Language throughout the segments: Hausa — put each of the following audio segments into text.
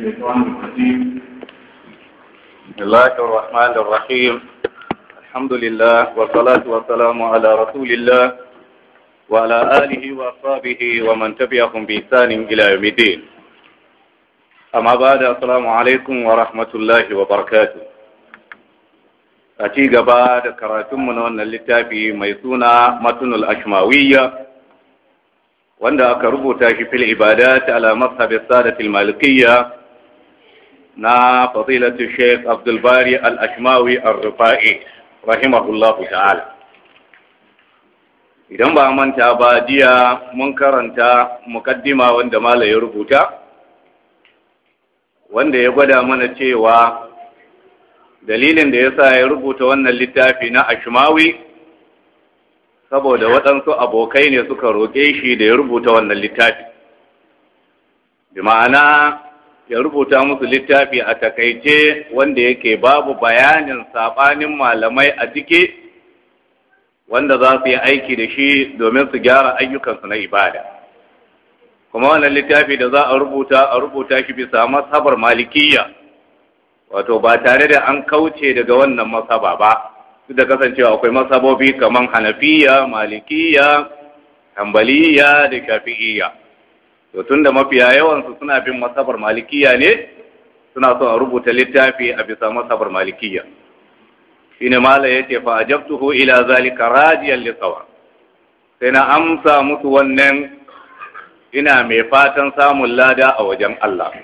بسم الله الرحمن الرحيم الحمد لله والصلاة والسلام على رسول الله وعلى آله وأصحابه ومن تبعهم بإحسان إلى يوم الدين أما بعد السلام عليكم ورحمة الله وبركاته أتي بعد كراتم من اللتابي ميسونا متن الأشماوية وأن أكربو تاشي في العبادات على ala السادة المالكية na fadilatu Sheikh Abdul Bari Al-Ashmawi Ar-Rufa'i rahimahullahu ta'ala idan ba manta ba jiya mun karanta mukaddima wanda mala ya rubuta wanda ya gwada mana cewa dalilin da yasa ya rubuta wannan littafi na ashmawi saboda waɗansu abokai ne suka roƙe shi da ya rubuta wannan littafi bi ma'ana ya rubuta musu littafi a takaice wanda yake babu bayanin saɓanin malamai a jike wanda za su yi aiki da shi domin su gyara ayyukansu na ibada kuma wannan littafi da za a rubuta a rubuta shi bisa masabar malikiya, wato ba tare da an kauce daga wannan masaba ba su da kasancewa akwai masabobi kamar hanafiya malikiya tambaliya da shafi'iyya to tunda mafiya yawansu suna bin masabar malikiya ne suna son a rubuta littafi a bisa masabar malikiya shine mala yace fa ajabtuhu ila zalika rajiyan li sai na amsa musu wannan ina mai fatan samun lada a wajen Allah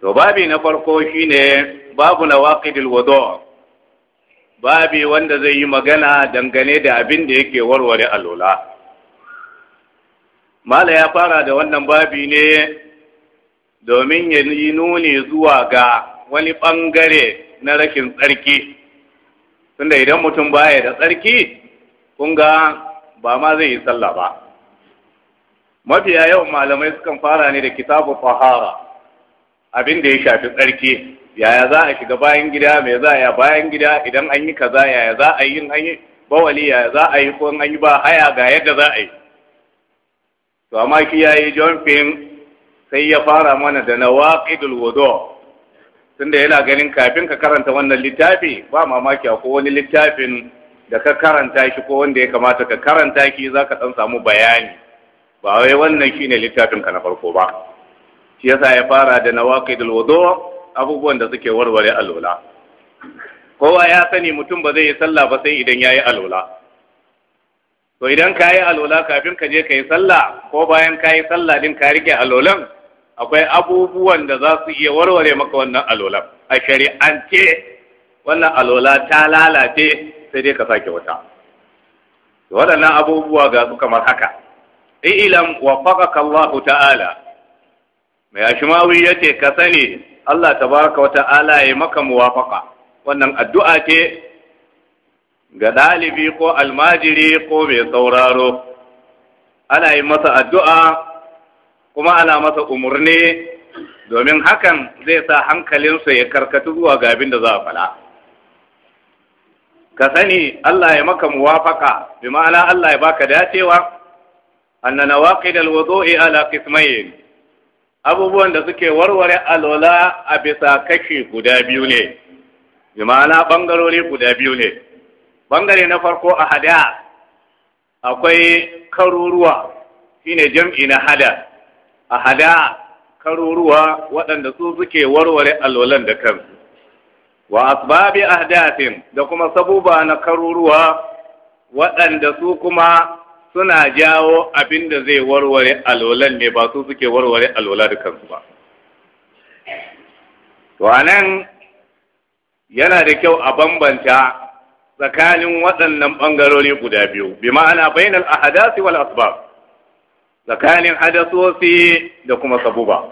to babi na farko shine babu na nawaqidil wudu babi wanda zai yi magana dangane da abin da yake warware alola mala ya fara da wannan babi ne domin ya yi nuni zuwa ga wani ɓangare na rashin tsarki tunda idan mutum baya da tsarki kunga ba ma zai yi sallah ba mafiya yawan malamai sukan fara ne da kitabu fahara abin da ya shafi tsarki yaya za a shiga bayan gida mai za a yi bayan gida idan an yi kaza yaya za a yi yin yi bawali yaya za a yi ko an yi ba haya ga yadda za a yi to amma ki yayi jumping sai ya fara mana da nawaqidul wudu tunda yana ganin kafin ka karanta wannan littafi ba mamaki ko wani littafin da ka karanta shi ko wanda ya kamata ka karanta shi zaka dan samu bayani ba wai wannan shine littafin ka na farko ba shi yasa ya fara da nawaqidul wudu abubuwan da suke warware alwala kowa ya sani mutum ba zai yi sallah ba sai idan yayi alwala to idan ka yi alola kafin ka je ka yi sallah ko bayan ka yi sallah din ka rike alolan akwai abubuwan da za su iya warware maka wannan alolan a shari'ance wannan alola ta lalace sai dai ka sake wata waɗannan abubuwa ga su kamar haka ilam faqaka Allah ta'ala mai ashmawi yace ka sani Allah tabaraka wa ta'ala ya maka muwafaqa wannan addu'a ce ga ɗalibi ko almajiri ko mai sauraro ana yi masa addu'a kuma ana masa umarni domin hakan zai sa hankalinsa ya karkatu zuwa ga abin da za a fala ka sani Allah ya maka muwafaka bi ma'ana Allah ya baka dacewa anna nawaqid alwudu'i ala qismayn abubuwan da suke warware alwala a bisa kashi guda biyu ne bi ma'ana bangarori guda biyu ne bangare na farko a hada akwai karuruwa shine jam'i na hada a hada karuruwa waɗanda su suke warware alwalan da kansu wa asbabi ahdathin da kuma sabuba na karuruwa waɗanda su kuma suna jawo abin da zai warware alwalan ne ba su suke warware alwala da kansu ba to anan yana da kyau a bambanta tsakanin waɗannan ɓangarori guda biyu bi ma'ana bainal ahadasi wal asbab tsakanin hadasosi da kuma sabuba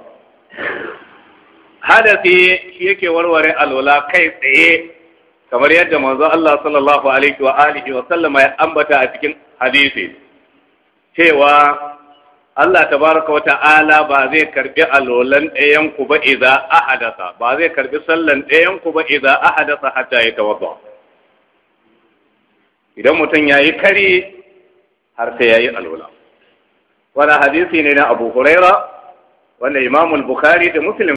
hadasi yake warware alwala kai tsaye kamar yadda manzo Allah sallallahu alaihi wa alihi wa sallama ya ambata a cikin hadisi cewa Allah tabaraka wa ta'ala ba zai karbi alolan ɗayan ku ba idza ahadasa ba zai karbi sallan ɗayan ku ba idza ahadasa hatta yatawadda idan mutum ya yi kari har sai ya yi alwala wani hadisi ne na abu huraira wanda imamul bukhari da muslim